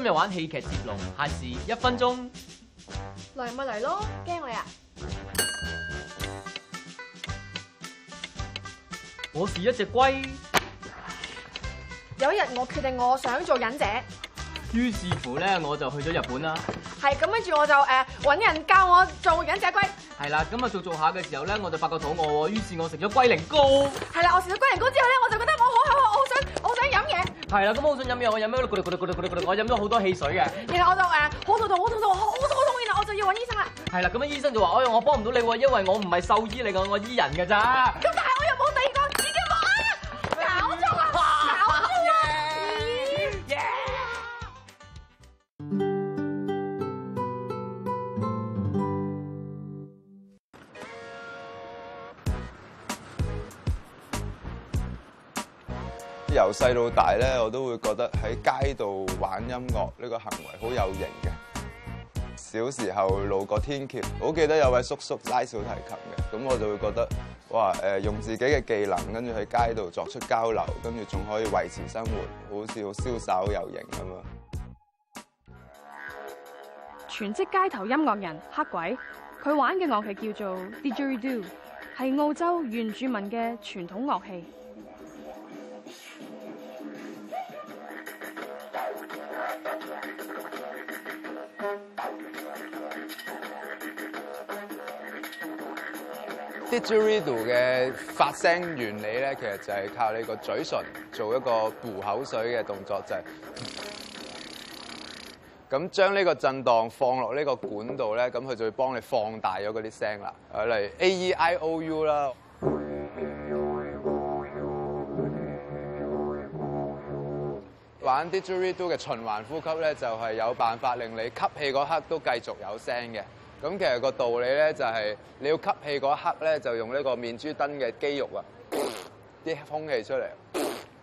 今日玩戲劇接龍，限時一分鐘。嚟咪嚟咯，驚你啊！我是一隻龜。有一日，我決定我想做忍者。於是乎咧，我就去咗日本啦。係，咁跟住我就誒搵、呃、人教我做忍者龜。係啦，咁啊做著做下嘅時候咧，我就發覺肚餓，於是我食咗龜苓膏。係啦，我食咗龜苓膏之後咧。係啦，咁我好想飲嘢。我飲咩？咕嚕咕嚕咕嚕咕嚕咕嚕，我飲咗好多汽水嘅。然後我就誒好痛痛好痛痛好痛好痛，然後我就要揾醫生啦。係啦，咁樣醫生就話、哎：我我幫唔到你喎，因為我唔係獸醫嚟講，我醫人㗎咋。 由細到大咧，我都會覺得喺街度玩音樂呢個行為好有型嘅。小時候路過天橋，我記得有位叔叔拉小提琴嘅，咁我就會覺得，哇，誒、呃，用自己嘅技能跟住喺街度作出交流，跟住仲可以維持生活，好似好瀟灑有型啊嘛！全職街頭音樂人黑鬼，佢玩嘅樂器叫做 didgeridoo，係澳洲原住民嘅傳統樂器。didgeridoo 嘅發聲原理咧，其實就係靠你個嘴唇做一個吐口水嘅動作，就係咁將呢個震盪放落呢個管度咧，咁佢就會幫你放大咗嗰啲聲啦。例如 A E I O U 啦，玩 didgeridoo 嘅循環呼吸咧，就係有辦法令你吸氣嗰刻都繼續有聲嘅。咁其實個道理咧就係你要吸氣嗰一刻咧，就用呢個面珠墩嘅肌肉啊，啲空氣出嚟。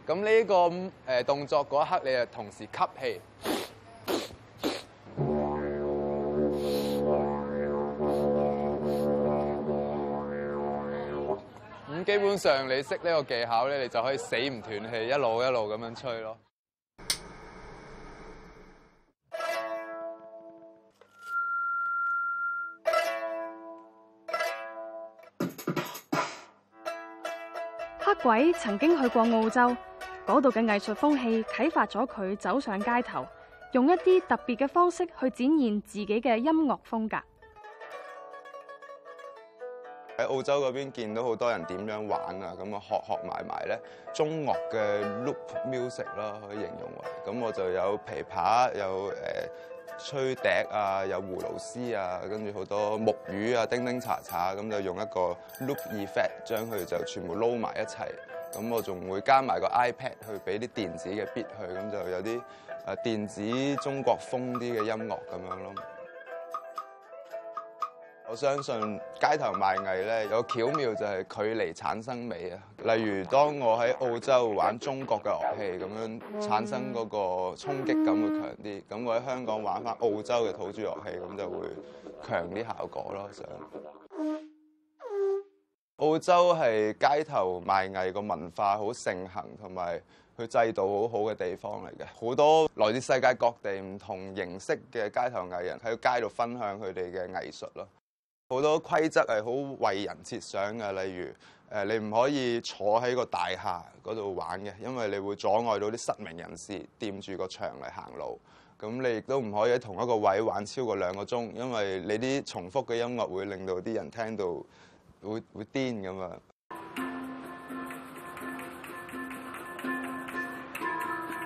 咁呢個誒動作嗰一刻，你就同時吸氣。咁基本上你識呢個技巧咧，你就可以死唔斷氣，一路一路咁樣吹咯。鬼曾經去過澳洲，嗰度嘅藝術風氣啟發咗佢走上街頭，用一啲特別嘅方式去展現自己嘅音樂風格。喺澳洲嗰邊見到好多人點樣玩啊，咁啊學學埋埋咧，中樂嘅 loop music 咯，可以形容為，咁我就有琵琶，有誒。呃吹笛啊，有葫蘆絲啊，跟住好多木魚啊、叮叮查查咁就用一個 Loop Effect 將佢就全部撈埋一齊，咁我仲會加埋個 iPad 去俾啲電子嘅 beat 去，咁就有啲誒電子中國風啲嘅音樂咁樣咯。我相信街頭賣藝咧，有巧妙就係距離產生美啊。例如當我喺澳洲玩中國嘅樂器咁樣，產生嗰個衝擊感會強啲。咁我喺香港玩翻澳洲嘅土著樂器，咁就會強啲效果咯。想澳洲係街頭賣藝個文化好盛行，同埋佢制度好好嘅地方嚟嘅，好多來自世界各地唔同形式嘅街頭藝人喺街度分享佢哋嘅藝術咯。好多規則係好為人設想噶，例如誒，你唔可以坐喺個大廈嗰度玩嘅，因為你會阻礙到啲失明人士掂住個牆嚟行路。咁你亦都唔可以喺同一個位玩超過兩個鐘，因為你啲重複嘅音樂會令到啲人聽到會會癲咁啊。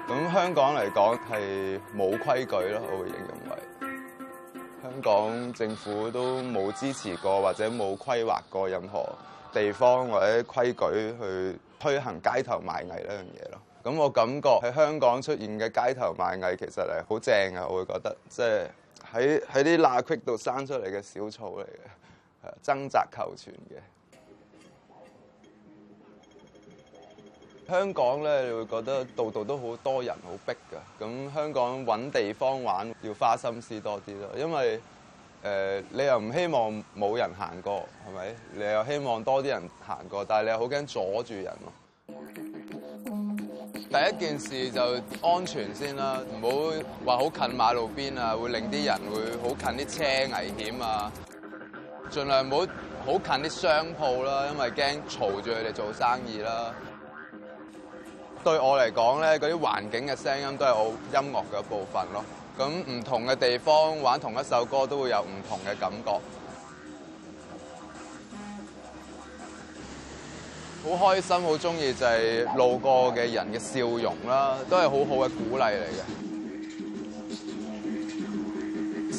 咁 香港嚟講係冇規矩咯，我會形容香港政府都冇支持過或者冇規劃過任何地方或者規矩去推行街頭賣藝呢樣嘢咯。咁我感覺喺香港出現嘅街頭賣藝其實係好正啊，我會覺得即係喺喺啲罅隙度生出嚟嘅小草嚟嘅，掙扎求存嘅。香港呢，你會覺得度度都好多人，好逼噶。咁香港搵地方玩要花心思多啲咯，因為誒、呃、你又唔希望冇人行過，係咪？你又希望多啲人行過，但係你又好驚阻住人咯，嗯。第一件事就安全先啦，唔好話好近馬路邊啊，會令啲人會好近啲車危險啊。盡量唔好好近啲商鋪啦，因為驚嘈住佢哋做生意啦。對我嚟講咧，嗰啲環境嘅聲音都係我音樂嘅部分咯。咁唔同嘅地方玩同一首歌，都會有唔同嘅感覺。好開心，好中意就係路過嘅人嘅笑容啦，都係好好嘅鼓勵嚟嘅。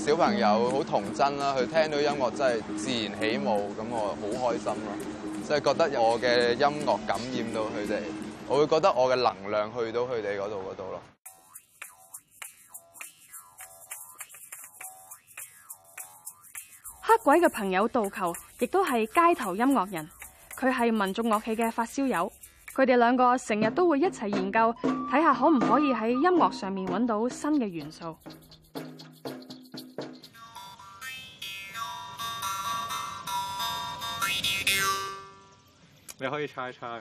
小朋友好童真啦，佢聽到音樂真係自然起舞，咁我好開心咯，即係覺得我嘅音樂感染到佢哋。我會覺得我嘅能量去到佢哋嗰度度咯。黑鬼嘅朋友杜球，亦都係街頭音樂人，佢係民族樂器嘅發燒友，佢哋兩個成日都會一齊研究，睇下可唔可以喺音樂上面揾到新嘅元素。你可以猜一猜。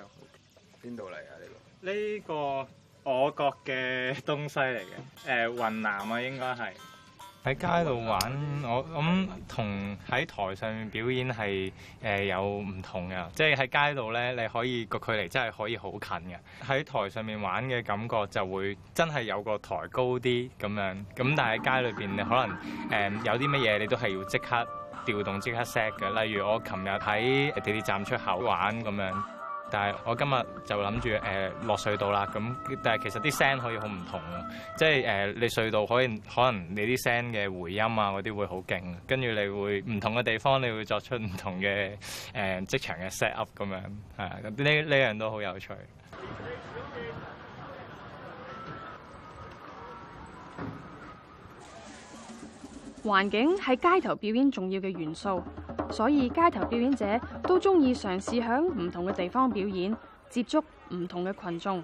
邊度嚟啊？呢、這個呢、這個我國嘅東西嚟嘅，誒、呃、雲南啊，應該係喺街度玩，我咁同喺台上面表演係誒、呃、有唔同嘅，即係喺街度咧你可以個距離真係可以好近嘅，喺台上面玩嘅感覺就會真係有個台高啲咁樣，咁但係喺街裏邊你可能誒、呃、有啲乜嘢你都係要即刻調動即刻 set 嘅，例如我琴日喺地鐵站出口玩咁樣。但係我今日就諗住誒落隧道啦，咁但係其實啲聲可以好唔同，即係誒你隧道可以可能你啲聲嘅回音啊嗰啲會好勁，跟住你會唔同嘅地方，你會作出唔同嘅誒、呃、即場嘅 set up 咁樣，係啊，呢呢樣都好有趣。環境係街頭表演重要嘅元素，所以街頭表演者，都中意嘗試響唔同嘅地方表演，接觸唔同嘅群眾。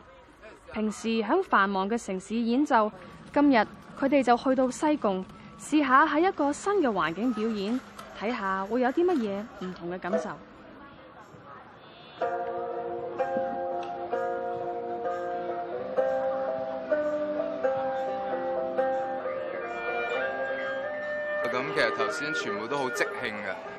平時響繁忙嘅城市演奏，今日佢哋就去到西貢，試下喺一個新嘅環境表演，睇下會有啲乜嘢唔同嘅感受。咁其實頭先全部都好即興㗎。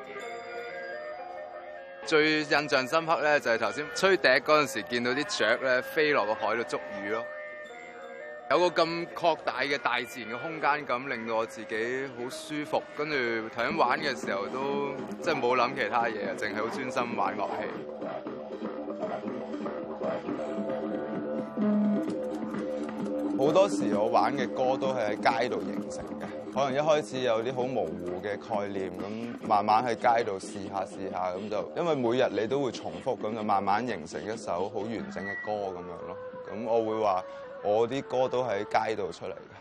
最印象深刻咧，就係頭先吹笛嗰陣時，見到啲雀咧飛落個海度捉魚咯。有個咁擴大嘅大自然嘅空間，咁令到我自己好舒服。跟住頭先玩嘅時候，都即係冇諗其他嘢，淨係好專心玩樂器。好多時我玩嘅歌都係喺街度形成，可能一開始有啲好模糊嘅概念，咁慢慢喺街度試下試下，咁就因為每日你都會重複，咁就慢慢形成一首好完整嘅歌咁樣咯。咁我會話我啲歌都喺街度出嚟㗎。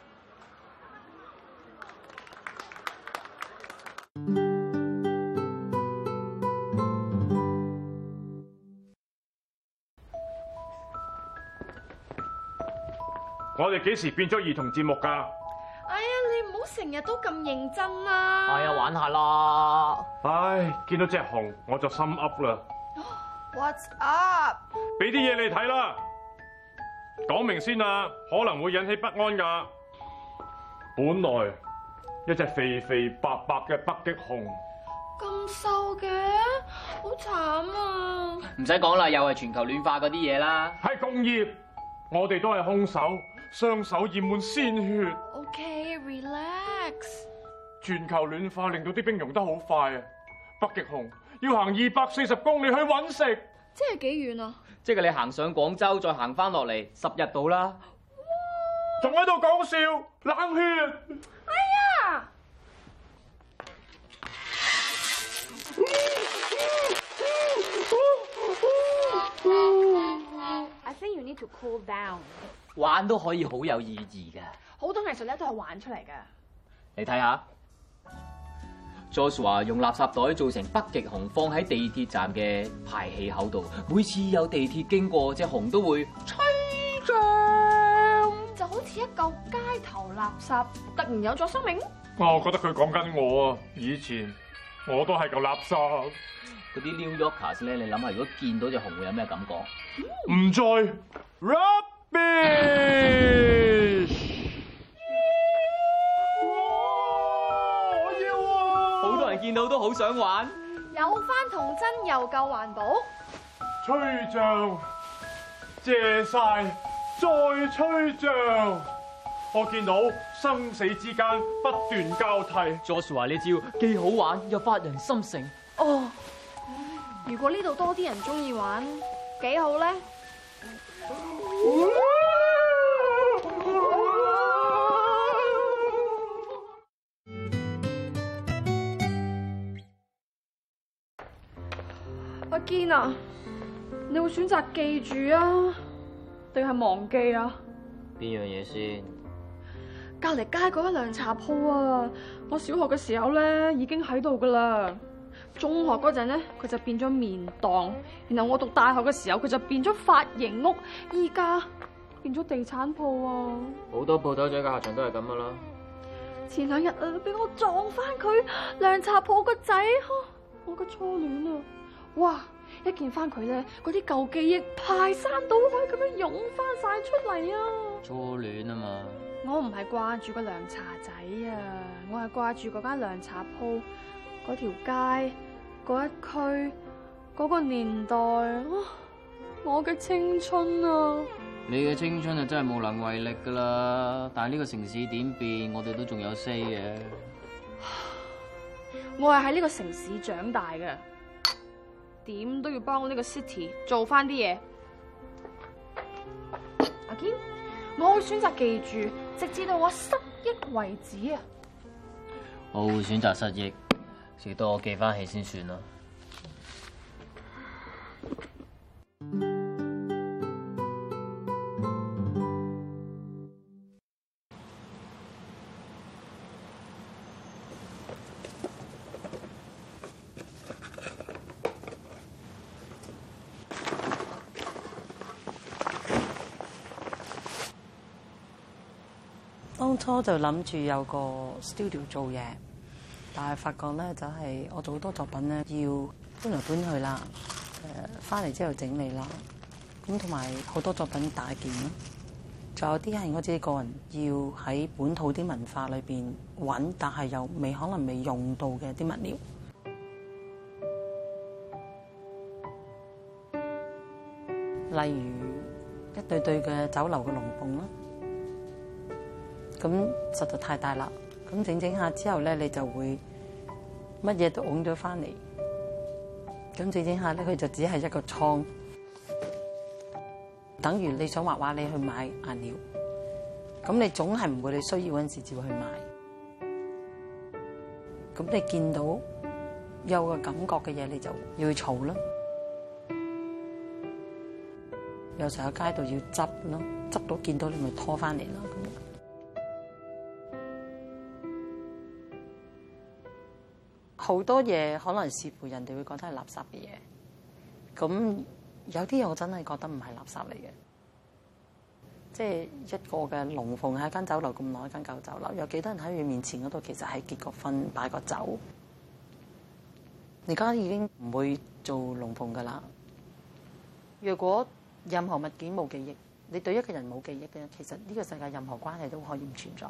我哋幾時變咗兒童節目㗎？成日都咁認真啦，係啊，玩下囉。唉，見到隻熊我就心 up 啦。What's up？俾啲嘢你睇啦，講明先啦，可能會引起不安㗎。本來一隻肥肥白白嘅北極熊，咁瘦嘅，好慘啊！唔使講啦，又係全球暖化嗰啲嘢啦。係工業，我哋都係兇手。雙手染滿鮮血。Okay, relax。全球暖化令到啲冰融得好快啊！北極熊要行二百四十公里去揾食。即係幾遠啊？即係你行上廣州，再行翻落嚟十日到啦。哇！仲喺度講笑，冷血。哎呀！I think you need to cool down. 玩都可以好有意義嘅，好多藝術咧都係玩出嚟嘅。你睇下，Joshua 用垃圾袋做成北極熊，放喺地鐵站嘅排氣口度，每次有地鐵經過，隻熊都會吹脹，就好似一嚿街頭垃圾突然有咗生命。我覺得佢講緊我啊，以前我都係嚿垃圾。嗰啲 New Yorkers 咧，你諗下，如果見到隻熊會有咩感覺？唔再 rap。好多人見到都好想玩，有翻童真又夠環保。吹脹，謝晒再吹脹。我見到生死之間不斷交替 Josua, 你知道。說實話，呢招既好玩又發人心性。哦，如果呢度多啲人中意玩，幾好咧。阿堅啊，你會選擇記住啊，定係忘記啊？邊樣嘢先？隔籬街嗰間涼茶鋪啊，我小學嘅時候咧已經喺度㗎喇。中學嗰陣咧，佢就變咗麵檔，然後我讀大學嘅時候，佢就變咗髮型屋，依家變咗地產鋪啊！好多鋪頭仔嘅下場都係咁噶啦。前兩日啊，俾我撞翻佢涼茶鋪個仔呵，我個初戀啊！哇，一見翻佢咧，嗰啲舊記憶排山倒海咁樣湧翻晒出嚟啊！初戀啊嘛，我唔係掛住個涼茶仔啊，我係掛住嗰間涼茶鋪嗰條街。嗰一區，嗰個年代，我嘅青春啊！你嘅青春就真係無能為力噶啦。但係呢個城市點變，我哋都仲有 say 嘅。我係喺呢個城市長大嘅，點都要幫呢個 city 做翻啲嘢。阿堅，我會選擇記住，直至到我失憶為止啊！我會選擇失憶。最多，我記翻起先算啦。當初就諗住有個 studio 做嘢。但係發覺咧，就係我做好多作品咧，要搬嚟搬去啦，誒、呃，翻嚟之後整理啦，咁同埋好多作品大件，仲有啲係我自己個人要喺本土啲文化裏邊揾，但係又未可能未用到嘅啲物料，例如一對對嘅酒樓嘅龍鳳啦，咁實在太大啦。咁整整下之後咧，你就會乜嘢都攏咗翻嚟。咁整整下咧，佢就只係一個倉，等於你想畫畫，你去買顏料。咁你總係唔會你需要嗰陣時就會去買。咁你見到有個感覺嘅嘢，你就要去儲囉。有時候喺街度要執咯，執到見到你咪拖翻嚟囉。好多嘢可能視乎人哋會覺得係垃圾嘅嘢，咁有啲嘢我真係覺得唔係垃圾嚟嘅。即係一個嘅龍鳳喺間酒樓咁耐，一間舊酒樓有幾多人喺佢面前嗰度，其實係結過婚擺個酒。而家已經唔會做龍鳳㗎啦。若果任何物件冇記憶，你對一個人冇記憶嘅，其實呢個世界任何關係都可以唔存在，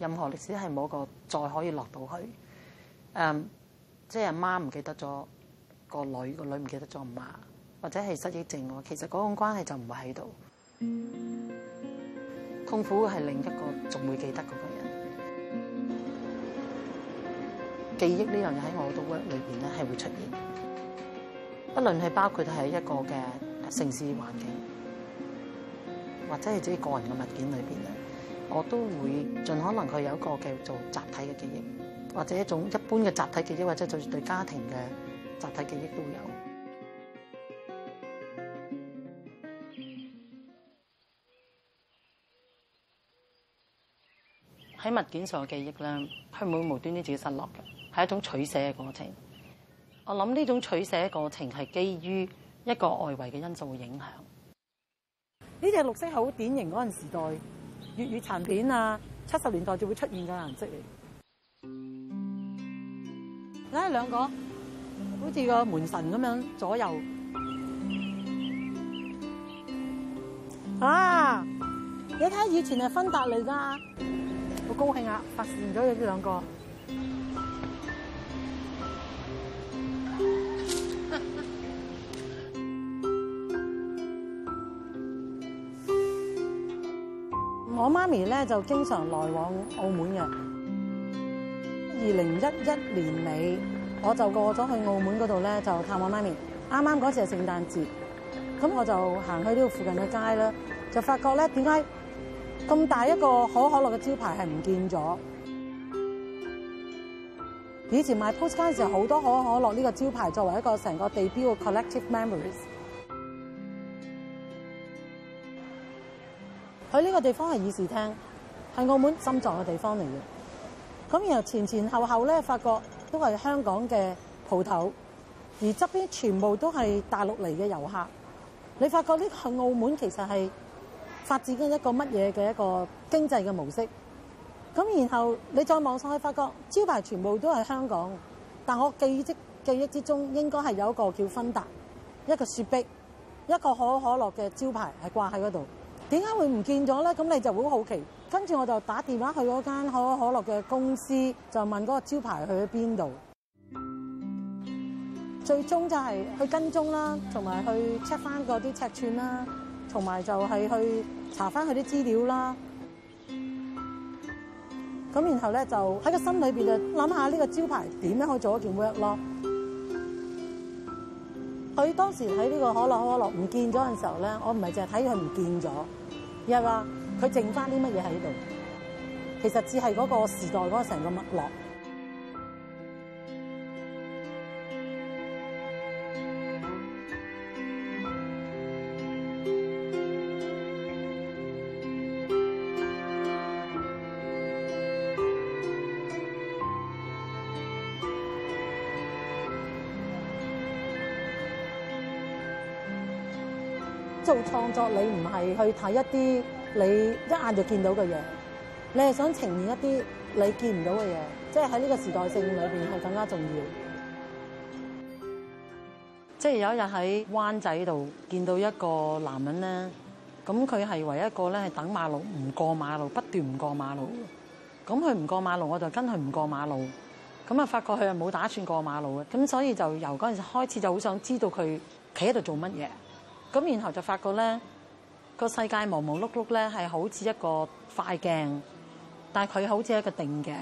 任何歷史係冇一個再可以落到去。誒、um，即係阿媽唔記得咗個女，個女唔記得咗阿媽，或者係失憶症喎。其實嗰種關係就唔會喺度。痛苦係另一個仲會記得嗰個人。記憶呢樣嘢喺我嘅 work 裏邊咧，係會出現，不論係包括喺一個嘅城市環境，或者係自己個人嘅物件裏邊咧，我都會盡可能佢有一個叫做集體嘅記憶。或者一種一般嘅集體記憶，或者對對家庭嘅集體記憶都有。喺物件上嘅記憶啦，佢唔會無端端自己失落嘅，係一種取捨嘅過程。我諗呢種取捨嘅過程係基於一個外圍嘅因素會影響。呢隻綠色好典型，嗰陣時代，粵語殘片啊，七十年代就會出現嘅顏色嚟。睇兩個，好似個門神咁樣左右。啊！你睇以前係芬達嚟㗎，好高興啊！發現咗有呢兩個。我媽咪呢，就經常來往澳門嘅。二零一一年尾，我就過咗去澳門嗰度咧，就探我媽咪。啱啱嗰時係聖誕節，咁我就行去呢度附近嘅街啦，就發覺咧點解咁大一個可口可樂嘅招牌係唔見咗？以前賣 postcard 嘅時候，好多可口可樂呢個招牌作為一個成個地標嘅 collective memories。佢呢個地方係議事廳，係澳門心臟嘅地方嚟嘅。咁然後前前後後咧，發覺都係香港嘅鋪頭，而側邊全部都係大陸嚟嘅遊客。你發覺呢個係澳門其實係發展緊一個乜嘢嘅一個經濟嘅模式。咁然後你再望上去，發覺招牌全部都係香港，但我記憶記憶之中應該係有一個叫芬達，一個雪碧，一個可口可樂嘅招牌係掛喺嗰度。點解會唔見咗咧？咁你就會好奇。跟住我就打電話去嗰間可口可樂嘅公司，就問嗰個招牌去咗邊度。最終就係去跟蹤啦，同埋去 check 翻嗰啲尺寸啦，同埋就係去查翻佢啲資料啦。咁然後咧就喺個心裏邊就諗下呢個招牌點樣可以做一件 work 咯。佢當時喺呢個可樂可樂唔見咗嘅時候咧，我唔係淨係睇佢唔見咗，而係話。佢剩翻啲乜嘢喺度？其實只係嗰個時代嗰成個脈絡。做創作，你唔係去睇一啲。你一眼就見到嘅嘢，你係想呈現一啲你見唔到嘅嘢，即係喺呢個時代性裏邊係更加重要。即係有一日喺灣仔度見到一個男人咧，咁佢係唯一一個咧係等馬路唔過馬路，不斷唔過馬路。咁佢唔過馬路，我就跟佢唔過馬路。咁啊發覺佢係冇打算過馬路嘅，咁所以就由嗰陣時開始就好想知道佢企喺度做乜嘢。咁然後就發覺咧。個世界忙忙碌碌咧，係好似一個快鏡，但係佢好似一個定鏡，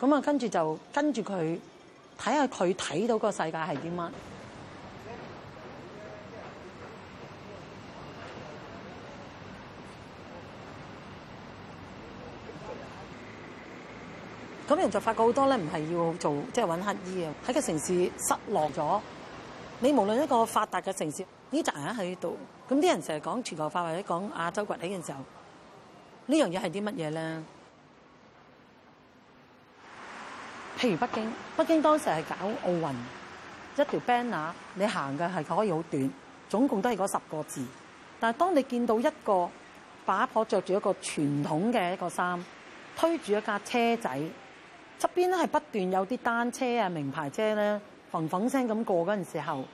咁啊跟住就跟住佢睇下佢睇到個世界係點啊。咁人就發覺好多咧，唔係要做即係揾黑衣啊，喺個城市失落咗，你無論一個發達嘅城市，啲人喺度。咁啲人成日講全球化或者講亞洲崛起嘅時候，呢樣嘢係啲乜嘢咧？譬如北京，北京當時係搞奧運，一條 banner 你行嘅係可以好短，總共都係嗰十個字。但係當你見到一個把婆着住一個傳統嘅一個衫，推住一架車仔，側邊咧係不斷有啲單車啊、名牌車咧，馮馮聲咁過嗰陣時候。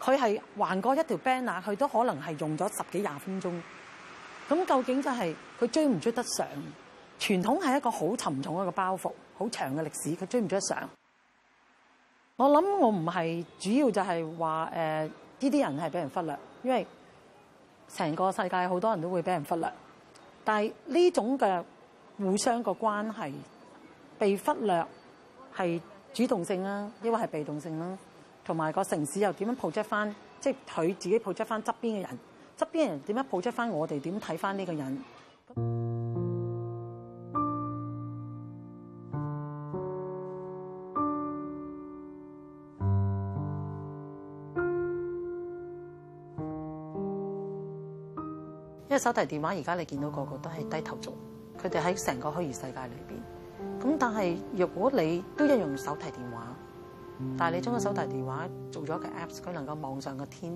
佢係橫過一條 banner，佢都可能係用咗十幾廿分鐘。咁究竟就係佢追唔追得上？傳統係一個好沉重一個包袱，好長嘅歷史，佢追唔追得上？我諗我唔係主要就係話誒呢啲人係俾人忽略，因為成個世界好多人都會俾人忽略。但係呢種嘅互相嘅關係被忽略，係主動性啦、啊，抑或係被動性啦、啊。同埋個城市又點樣 project 翻？即係佢自己 project 翻側邊嘅人，側邊嘅人點樣 project 翻我哋點睇翻呢個人？因為手提電話而家你見到個個都係低頭族，佢哋喺成個虛擬世界裏邊。咁但係若果你都一樣用手提電話。但係你將個手提電話做咗個 apps，佢能夠望上個天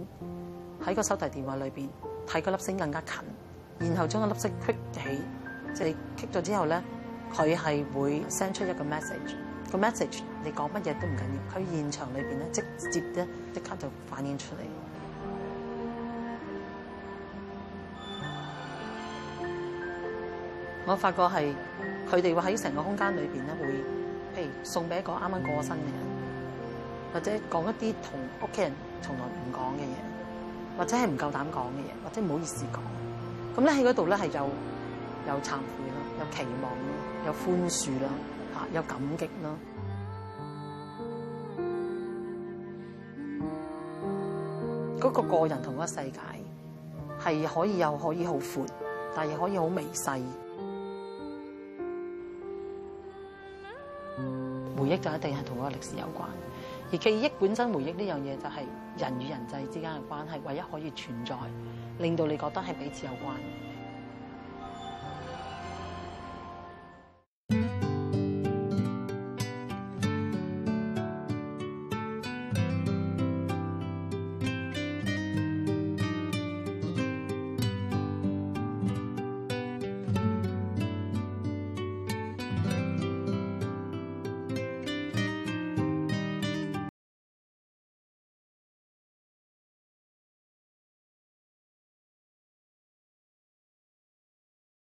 喺個手提電話裏邊睇個粒星更加近，然後將個粒星 click 起，即係 click 咗之後咧，佢係會 send 出一個 message。個 message 你講乜嘢都唔緊要，佢現場裏邊咧直接咧即刻就反映出嚟。我發覺係佢哋會喺成個空間裏邊咧會，譬如送俾一個啱啱過身嘅人。嗯或者講一啲同屋企人從來唔講嘅嘢，或者係唔夠膽講嘅嘢，或者唔好意思講。咁咧喺嗰度咧係有有懺悔啦，有期望啦，有寬恕啦，嚇有感激啦。嗰個個人同嗰個世界係可以又可以好闊，但係可以好微細。回憶就一定係同嗰個歷史有關。而記憶本身回憶呢樣嘢，就係人與人際之間嘅關係，唯一可以存在，令到你覺得係彼此有關。